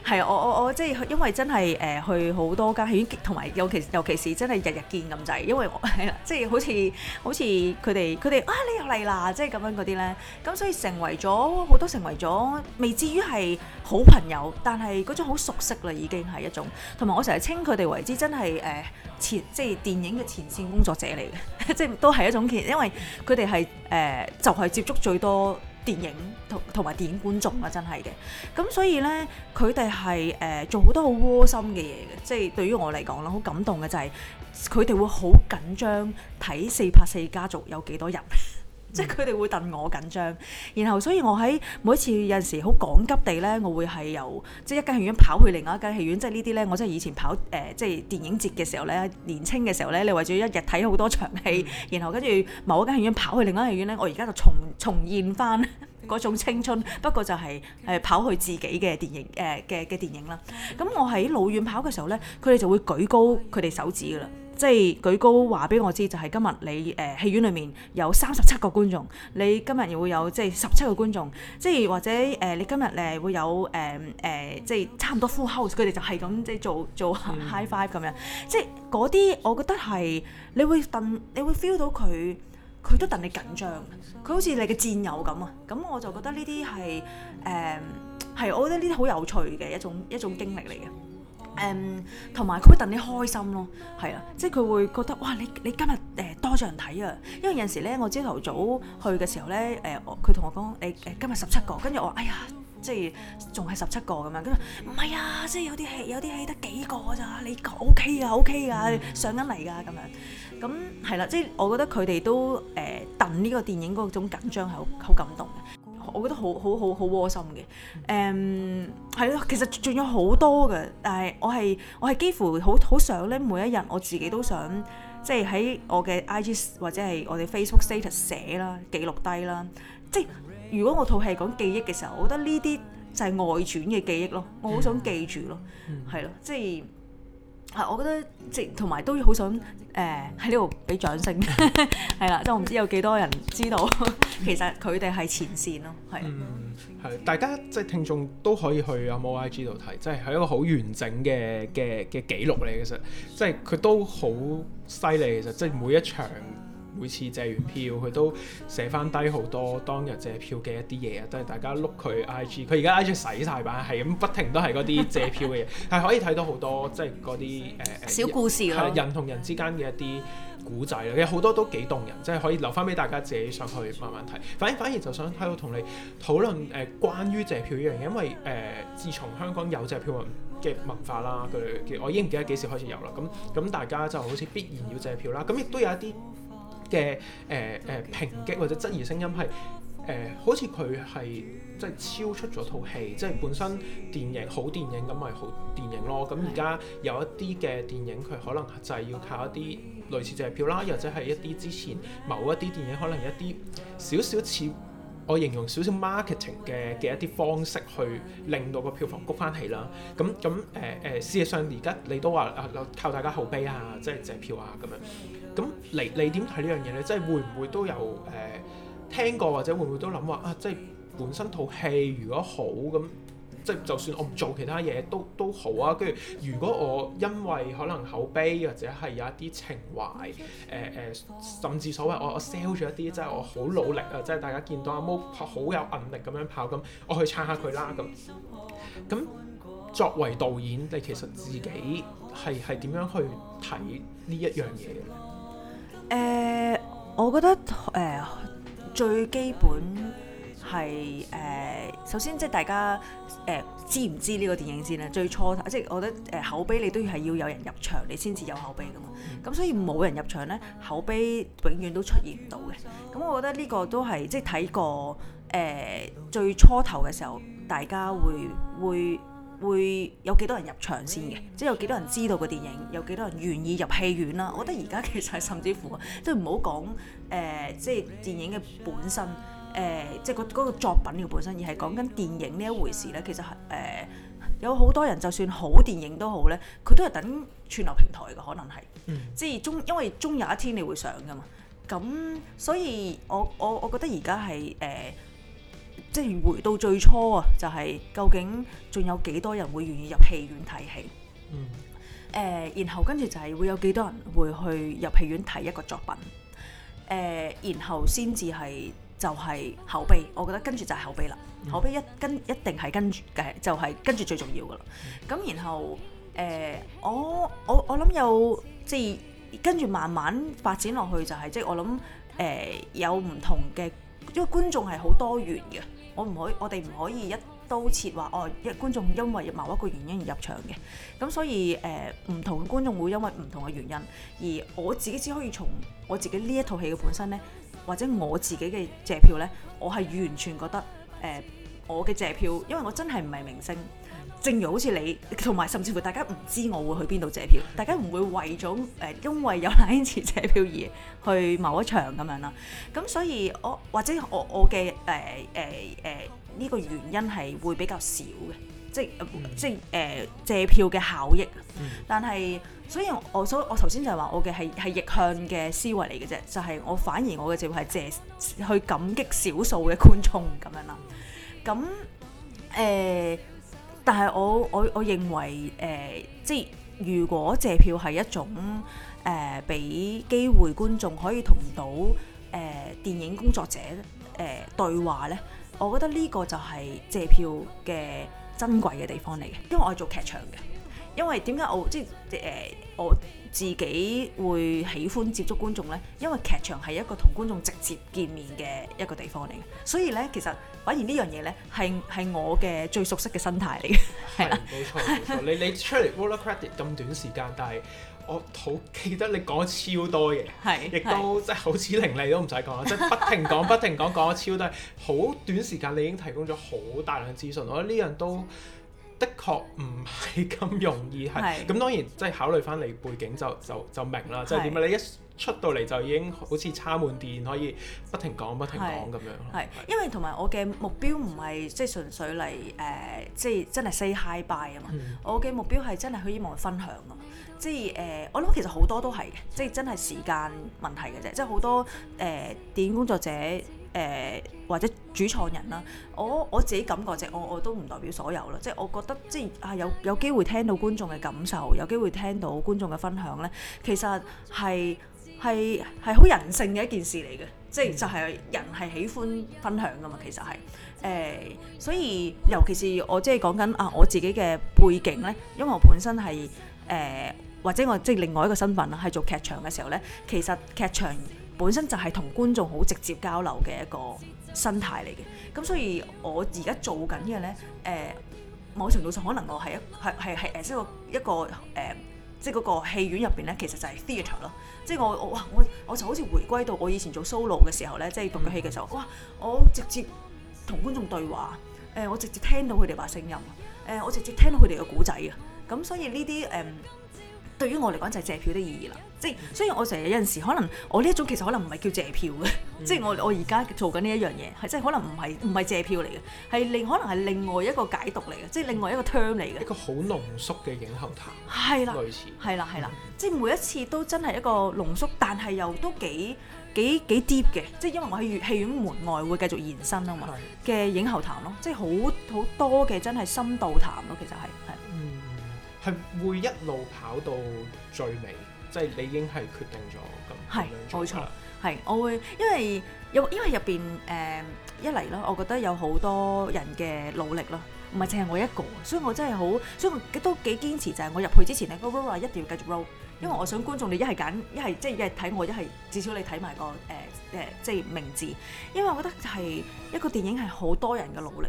誒係、呃、我我我即係因為真係誒、呃、去好多間戲院，同埋尤其尤其是真係日日見咁滯。因為我係啦，即係好似好似佢哋佢哋啊，你又嚟啦，即係咁樣嗰啲咧。咁所以成為咗好多成為咗，未至於係好朋友，但係嗰種好熟悉啦，已經係一種。同埋我成日稱佢哋為之真係誒、呃、前即係電影嘅前線工作者嚟嘅，即係。即都係一種嘅，因為佢哋係誒就係接觸最多電影同同埋電影觀眾啊，真係嘅。咁所以呢，佢哋係誒做好多好窩心嘅嘢嘅，即係對於我嚟講啦，好感動嘅就係佢哋會好緊張睇四拍四家族有幾多人。即係佢哋會戥我緊張，然後所以我喺每次有陣時好趕急地咧，我會係由即係一間戲院跑去另外一間戲院，即係呢啲咧，我真係以前跑誒、呃、即係電影節嘅時候咧，年青嘅時候咧，你為咗一日睇好多場戲，然後跟住某一間戲院跑去另外一間戲院咧，我而家就重重現翻嗰 種青春，不過就係、是、誒、呃、跑去自己嘅電影誒嘅嘅電影啦。咁我喺老遠跑嘅時候咧，佢哋就會舉高佢哋手指噶啦。即係舉高話俾我知，就係、是、今日你誒、呃、戲院裏面有三十七個觀眾，你今日又會有即係十七個觀眾，即係或者誒、呃、你今日咧會有誒誒、呃，即係差唔多 full house，佢哋就係咁即係做做，做 high five 咁樣，嗯、即係嗰啲我覺得係你會戥你會 feel 到佢佢都戥你緊張，佢好似你嘅戰友咁啊！咁我就覺得呢啲係誒係，呃、我覺得呢啲好有趣嘅一種一種經歷嚟嘅。誒，同埋佢會戥你開心咯、哦，係啊，即係佢會覺得哇，你你今日誒、呃、多咗人睇啊，因為有陣時咧，我朝頭早去嘅時候咧，誒、呃，佢同我講，你誒今日十七個，跟住我話，哎呀，即係仲係十七個咁樣，跟住唔係啊，即係有啲戲有啲戲得幾個咋，你 OK 啊 OK 啊，上緊嚟噶咁樣，咁係啦，即係我覺得佢哋都誒戥呢個電影嗰種緊張係好好感動嘅。我覺得好好好好窩心嘅，誒，係咯，其實仲有好多嘅，但係我係我係幾乎好好想咧，每一日我自己都想，即係喺我嘅 IG 或者係我哋 Facebook status 寫啦，記錄低啦，即係如果我套戲講記憶嘅時候，我覺得呢啲就係外傳嘅記憶咯，我好想記住咯，係咯， 即係。啊，我覺得即同埋都好想誒喺呢度俾掌聲，係、呃、啦，即係 我唔知有幾多人知道，其實佢哋係前線咯，係。嗯，係，大家即係聽眾都可以去阿 Mo IG 度睇，即係係一個好完整嘅嘅嘅記錄嚟，其實即係佢都好犀利，其實即係每一場。每次借完票，佢都寫翻低好多當日借票嘅一啲嘢啊，都係大家碌佢 I G，佢而家 I G 洗晒版，係咁不停都係嗰啲借票嘅嘢，係 可以睇到好多即係嗰啲誒小故事咯、啊，人，人同人之間嘅一啲古仔啦，其實好多都幾動人，即係可以留翻俾大家自己上去慢慢睇。反反而就想喺度同你討論誒關於借票依樣嘢，因為誒、呃、自從香港有借票嘅文化啦，佢我已經唔記得幾時開始有啦。咁咁大家就好似必然要借票啦，咁亦都有一啲。嘅誒誒抨擊或者質疑聲音係誒、呃、好似佢係即係超出咗套戲，即係本身電影好電影咁咪好電影咯。咁而家有一啲嘅電影佢可能就係要靠一啲類似借票啦，或者係一啲之前某一啲電影可能一啲少少似我形容少少 marketing 嘅嘅一啲方式去令到個票房谷返起啦。咁咁誒誒，事實上而家你都話啊、呃、靠大家口碑啊，即係借票啊咁樣，咁你你點睇呢樣嘢咧？即係會唔會都有誒、呃、聽過或者會唔會都諗話啊？即係本身套戲如果好咁，即係就算我唔做其他嘢都都好啊。跟住如果我因為可能口碑或者係有一啲情懷誒誒、呃，甚至所謂我我 sell 咗一啲，即係我好努力啊，即係大家見到阿 Mo 好有韌力咁樣跑咁，我去撐下佢啦咁。咁作為導演，你其實自己係係點樣去睇呢一樣嘢咧？誒、呃，我覺得誒、呃、最基本係誒、呃，首先即係大家誒、呃、知唔知呢個電影先咧？最初頭即係我覺得誒、呃、口碑，你都要係要有人入場，你先至有口碑噶嘛。咁、嗯、所以冇人入場咧，口碑永遠都出現唔到嘅。咁我覺得呢個都係即係睇過誒、呃、最初頭嘅時候，大家會會。會有幾多人入場先嘅？即係有幾多人知道個電影？有幾多人願意入戲院啦？我覺得而家其實係甚至乎，即係唔好講誒，即係電影嘅本身誒、呃，即係嗰個作品嘅本身，而係講緊電影呢一回事咧。其實係誒、呃，有好多人就算好電影好都好咧，佢都係等串流平台嘅，可能係。嗯、即係終，因為終有一天你會上㗎嘛。咁，所以我我我覺得而家係誒、呃即係回到最初啊，就係、是、究竟仲有幾多人會願意入戲院睇戲？誒、嗯呃，然後跟住就係會有幾多人會去入戲院睇一個作品？誒、呃，然後先至係就係口碑，我覺得跟住就係口碑啦。口碑、嗯、一跟一定係跟住嘅，就係、是、跟住最重要噶啦。咁、嗯、然後誒、呃，我我我諗有即係、就是、跟住慢慢發展落去、就是，就係即係我諗誒、呃、有唔同嘅，因為觀眾係好多元嘅。我唔可以，我哋唔可以一刀切，話哦，一觀眾因為某一個原因而入場嘅。咁所以誒，唔、呃、同嘅觀眾會因為唔同嘅原因，而我自己只可以從我自己呢一套戲嘅本身呢，或者我自己嘅謝票呢，我係完全覺得誒。呃我嘅謝票，因為我真係唔係明星，正如好似你，同埋甚至乎大家唔知我會去邊度謝票，大家唔會為咗誒、呃，因為有林先生謝票而去某一場咁樣啦。咁所以我，我或者我我嘅誒誒誒呢個原因係會比較少嘅，即係、呃、即係誒、呃、謝票嘅效益。嗯、但係，所以我所以我頭先就係話，我嘅係係逆向嘅思維嚟嘅啫，就係、是、我反而我嘅謝票係借去感激少數嘅觀眾咁樣啦。咁誒、呃，但係我我我認為誒、呃，即係如果謝票係一種誒，俾、呃、機會觀眾可以同到誒、呃、電影工作者誒、呃、對話咧，我覺得呢個就係謝票嘅珍貴嘅地方嚟嘅，因為我係做劇場嘅，因為點解我即係誒我。自己會喜歡接觸觀眾呢，因為劇場係一個同觀眾直接見面嘅一個地方嚟嘅，所以呢，其實反而呢樣嘢呢，係係我嘅最熟悉嘅心態嚟嘅，係啦。冇錯冇 錯，你你出嚟 roll credit 咁短時間，但係我好記得你講咗超多嘢，係亦是都即係是好似凌俐都唔使講啦，即係不停講不停講講咗超多，好短時間你已經提供咗好大量嘅資訊，我覺得呢樣都。的確唔係咁容易，係咁是當然即係、就是、考慮翻你背景就就就明啦，即係點解你一出到嚟就已經好似插滿電，可以不停講不停講咁是樣。係是是因為同埋我嘅目標唔係即係純粹嚟誒、呃，即係真係 say hi bye 啊嘛。我嘅目標係真係可以望分享啊嘛。即係誒，我諗其實好多都係嘅，即係真係時間問題嘅啫。即係好多誒、呃、電影工作者。誒、呃，或者主創人啦，我我自己感覺就我我都唔代表所有啦，即係我覺得即係啊有有機會聽到觀眾嘅感受，有機會聽到觀眾嘅分享咧，其實係係係好人性嘅一件事嚟嘅，即係就係人係喜歡分享㗎嘛，其實係誒、呃，所以尤其是我即係講緊啊我自己嘅背景咧，因為我本身係誒、呃、或者我即係另外一個身份啦，係做劇場嘅時候咧，其實劇場。本身就係同觀眾好直接交流嘅一個生態嚟嘅，咁所以我而家做緊嘅咧，誒、呃、某程度上可能我係一係係係誒，即係一個誒，即係嗰個戲院入邊咧，其實就係 theatre 咯，即係我我哇我我就好似回歸到我以前做 solo 嘅時候咧，即、就、係、是、讀劇嘅時候，哇！我直接同觀眾對話，誒、呃、我直接聽到佢哋把聲音，誒、呃、我直接聽到佢哋嘅故仔啊，咁所以呢啲誒、呃對於我嚟講就係、是、謝票的意義啦，即係雖然我成日有陣時可能我呢一種其實可能唔係叫謝票嘅、嗯，即係我我而家做緊呢一樣嘢係即係可能唔係唔係謝票嚟嘅，係另可能係另外一個解讀嚟嘅，即係另外一個 term 嚟嘅。一個好濃縮嘅影後談係啦，類似係啦係啦，啦啦嗯、即係每一次都真係一個濃縮，但係又都幾幾幾 deep 嘅，即係因為我喺越戲院門外會繼續延伸啊嘛嘅影後談咯，對即係好好多嘅真係深度談咯，其實係。係會一路跑到最尾，即係你已經係決定咗咁。係是，冇錯，係我會，因為有因為入邊誒一嚟咯，我覺得有好多人嘅努力咯，唔係淨係我一個，所以我真係好，所以我都幾堅持，就係、是、我入去之前呢，嗰個 roll 一定要繼續 roll，因為我想觀眾你一係揀，一係即係一係睇我，一係至少你睇埋個誒誒、呃呃、即係名字，因為我覺得係一個電影係好多人嘅努力，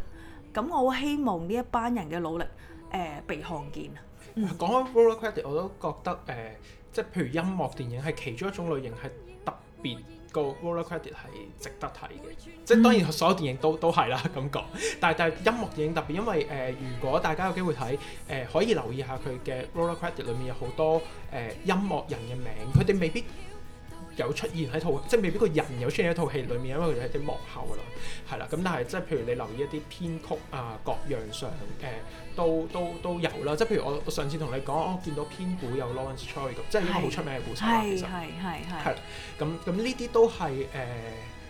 咁我好希望呢一班人嘅努力誒、呃、被看見。嗯、講開《Roller Credit》，我都覺得誒、呃，即係譬如音樂電影係其中一種類型，係特別個《Roller Credit》係值得睇嘅。即係當然所有電影都都係啦，咁講，但係但係音樂電影特別，因為誒、呃，如果大家有機會睇，誒、呃、可以留意下佢嘅《Roller Credit》裏面有好多誒、呃、音樂人嘅名，佢哋未必，有出現喺套，即係未必個人有出現喺套戲裏面，因為佢哋喺啲幕後啦，係啦。咁但係即係譬如你留意一啲編曲啊、呃，各樣上誒、呃、都都都有啦。即係譬如我我上次同你講，我、哦、見到編鼓有 Lawrence c h o y 咁的，即係一個好出名嘅故事。係係係係。係咁咁呢啲都係誒、呃，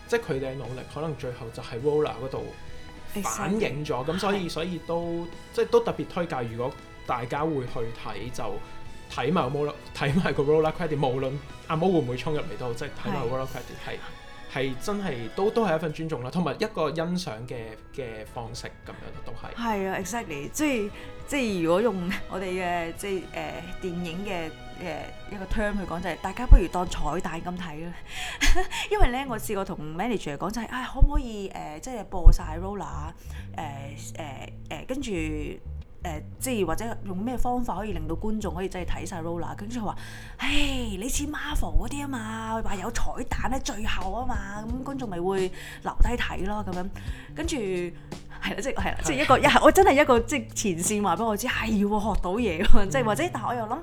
即係佢哋嘅努力，可能最後就喺 Waller 嗰度反映咗。咁所以所以都即係都特別推介，如果大家會去睇就。睇埋個冇 o 睇埋個 roller credit，無論阿毛會唔會衝入嚟都好，即係睇埋 roller credit，係係是真係都都係一份尊重啦，同埋一個欣賞嘅嘅方式咁樣都係。係啊，exactly，即係即係如果用我哋嘅即係誒、呃、電影嘅誒、呃、一個 term 去講就係、是，大家不如當彩蛋咁睇啦。 因為咧，我試過同 manager 講就係、是，唉、哎，可唔可以誒、呃、即係播晒 roller 誒、呃、誒誒跟住。呃呃呃誒、呃，即係或者用咩方法可以令到觀眾可以真係睇晒 roller？跟住佢話：唉，你似 Marvel 嗰啲啊嘛，話有彩蛋喺最後啊嘛，咁觀眾咪會留低睇咯咁樣。跟住係啦，即係係啦， 即係一個一，我真係一個即係前線話俾我知，係學到嘢，即係或者，但係我又諗。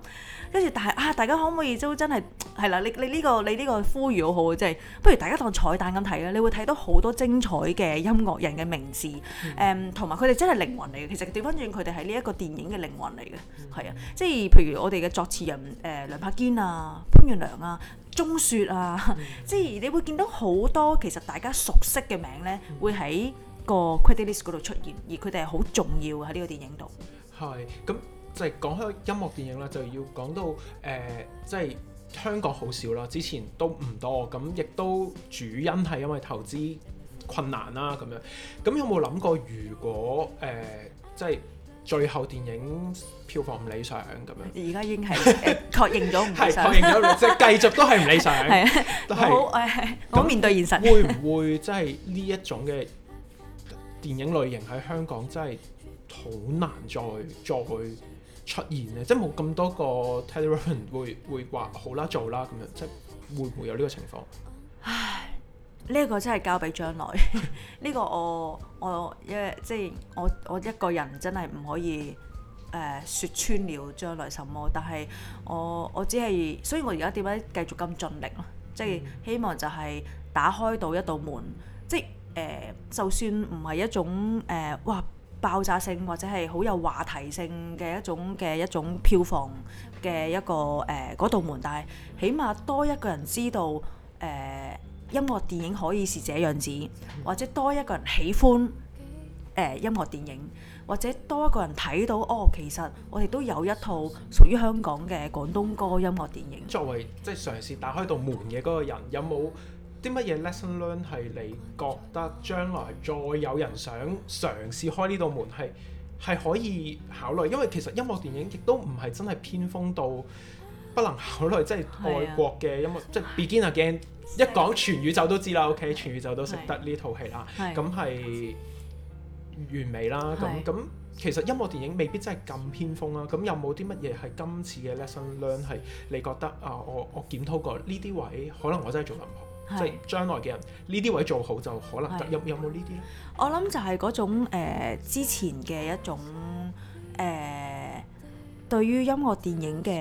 跟住，但係啊，大家可唔可以都真係係啦？你、這個、你呢個你呢個呼籲好好，即係不如大家當彩蛋咁睇啦。你會睇到好多精彩嘅音樂人嘅名字，誒、嗯，同埋佢哋真係靈魂嚟嘅。其實調翻轉佢哋係呢一個電影嘅靈魂嚟嘅，係、嗯、啊，即係譬如我哋嘅作詞人誒、呃、梁柏堅啊、潘源良啊、鐘雪啊，嗯、即係你會見到好多其實大家熟悉嘅名咧，會喺個 credit list 嗰度出現，而佢哋係好重要喺呢個電影度。係咁、嗯。即係講開音樂電影啦，就要講到誒、呃，即係香港好少啦，之前都唔多，咁亦都主因係因為投資困難啦，咁樣。咁有冇諗過，如果誒、呃、即係最後電影票房唔理想咁樣？而家已經係確認咗唔理想，即係繼續都係唔理想。係都係好面對現實。會唔會即係呢一種嘅電影類型喺香港真係好難再再去？出現嘅，即係冇咁多個 terrorist 會會話好啦做啦咁樣，即係會唔會有呢個情況？唉，呢、這個真係交俾將來。呢 個我我一即係我我一個人真係唔可以誒説、呃、穿了將來什麼，但係我我只係，所以我而家點解繼續咁盡力咯？即、就、係、是、希望就係打開到一道門，嗯、即係誒、呃，就算唔係一種誒話。呃哇爆炸性或者係好有話題性嘅一種嘅一種票房嘅一個誒嗰、呃、道門，但係起碼多一個人知道誒、呃、音樂電影可以是這樣子，或者多一個人喜歡誒、呃、音樂電影，或者多一個人睇到哦，其實我哋都有一套屬於香港嘅廣東歌音樂電影。作為即係嘗試打開道門嘅嗰個人，有冇？啲乜嘢 lesson learn 係你覺得將來再有人想嘗試開呢道門係係可以考慮，因為其實音樂電影亦都唔係真係偏鋒到不能考慮，就是愛啊、即係外國嘅音樂，即係 Begin Again 一講全宇宙都知啦，OK，全宇宙都識得呢套戲啦，咁係是完美啦。咁咁是其實音樂電影未必真係咁偏鋒啦、啊。咁有冇啲乜嘢係今次嘅 lesson learn 係你覺得啊、呃？我我檢討過呢啲位，可能我真係做唔好。是即係將來嘅人，呢啲位做好就可能得是有有冇呢啲咧？我諗就係嗰種、呃、之前嘅一種誒、呃，對於音樂電影嘅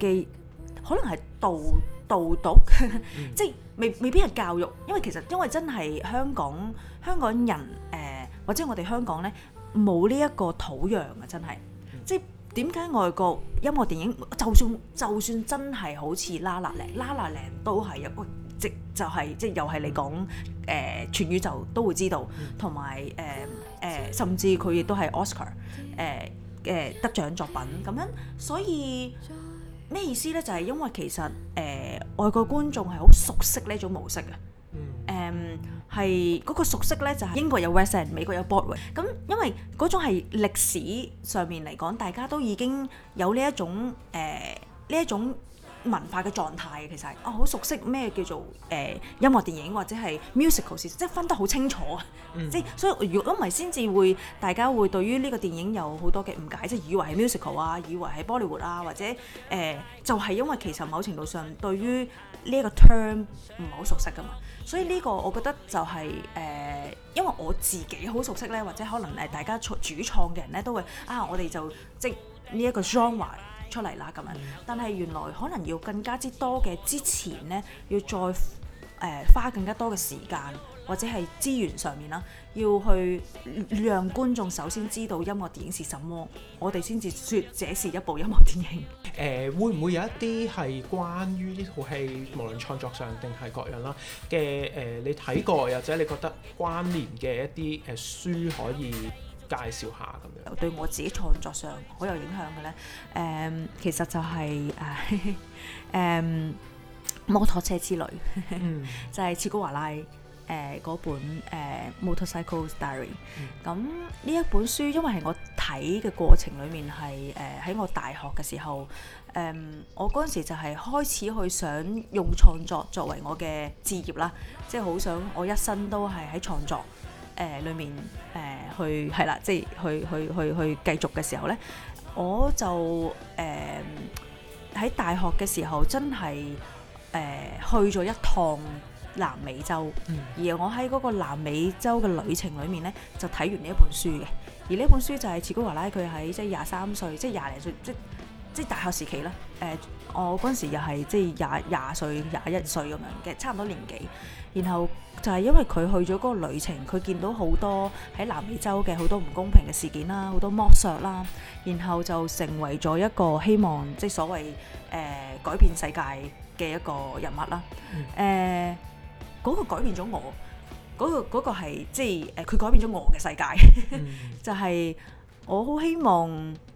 嘅，可能係導導讀，道道 嗯、 即係未未必係教育，因為其實因為真係香港香港人誒、呃，或者我哋香港咧冇呢一個土壤啊，真係、嗯、即係。點解外國音樂電影就算就算真係好似《La La Land》《La La Land》都係一個即就係、是係、即、就係就係、又係你講誒、呃、全宇宙都會知道，同埋誒誒甚至佢亦都係奧斯卡誒誒得獎作品咁樣，所以咩意思咧？就係、係、因為其實誒、呃、外國觀眾係好熟悉呢種模式嘅。誒，係嗰、um, 那個熟悉呢，就係、是、英國有 West e r n 美國有 Broadway。咁因為嗰種係歷史上面嚟講，大家都已經有呢一種誒，呢一種。呃文化嘅狀態其實，哦好熟悉咩叫做誒、呃、音樂電影或者係 musical 先，即係分得好清楚啊！Mm hmm. 即係所以，如果唔係先至會，大家會對於呢個電影有好多嘅誤解，即係以為係 musical 啊，以為係 Bollywood 啊，或者誒、呃，就係、是、因為其實某程度上對於呢一個 term 唔係好熟悉㗎嘛，所以呢個我覺得就係、是、誒、呃，因為我自己好熟悉咧，或者可能誒大家出主創嘅人咧都會啊，我哋就即係呢一個 genre。出嚟啦咁樣，嗯、但係原來可能要更加之多嘅之前呢，要再誒、呃、花更加多嘅時間或者係資源上面啦，要去讓觀眾首先知道音樂電影是什麼，我哋先至説這是一部音樂電影。誒、呃、會唔會有一啲係關於呢套戲，無論創作上定係各樣啦嘅誒？你睇過又或者你覺得關聯嘅一啲誒、呃、書可以？介紹下咁樣，對我自己創作上好有影響嘅咧，誒、嗯，其實就係誒誒摩托車之類，嗯、 就係哲古華拉誒嗰、呃、本誒 Motorcycle Diary。咁、呃、呢、嗯、一本書，因為係我睇嘅過程裏面係誒喺我大學嘅時候，誒、呃、我嗰陣時就係開始去想用創作作為我嘅事業啦，即係好想我一生都係喺創作。誒裏、呃、面誒、呃、去係啦，即係去去去去繼續嘅時候咧，我就誒喺、呃、大學嘅時候真係誒、呃、去咗一趟南美洲，而我喺嗰個南美洲嘅旅程裏面咧，就睇完呢一本書嘅，而呢本書就係捷古華拉，佢喺即係廿三歲，即係廿零歲即。即係大學時期啦，誒、呃，我嗰時又係即係廿廿歲、廿一歲咁樣嘅，差唔多年紀。然後就係因為佢去咗嗰個旅程，佢見到好多喺南美洲嘅好多唔公平嘅事件啦，好多剝削啦，然後就成為咗一個希望，即係所謂誒、呃、改變世界嘅一個人物啦。誒、嗯，嗰、呃嗰個改變咗我，嗰、嗰個嗰、嗰個係即係誒，佢、呃、改變咗我嘅世界，嗯、 就係我好希望。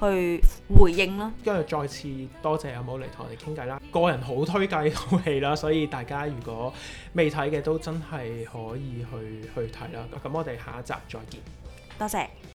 去回應啦！今日再次多謝阿母嚟同我哋傾偈啦，個人好推介套戲啦，所以大家如果未睇嘅都真係可以去去睇啦。咁我哋下一集再見，多謝。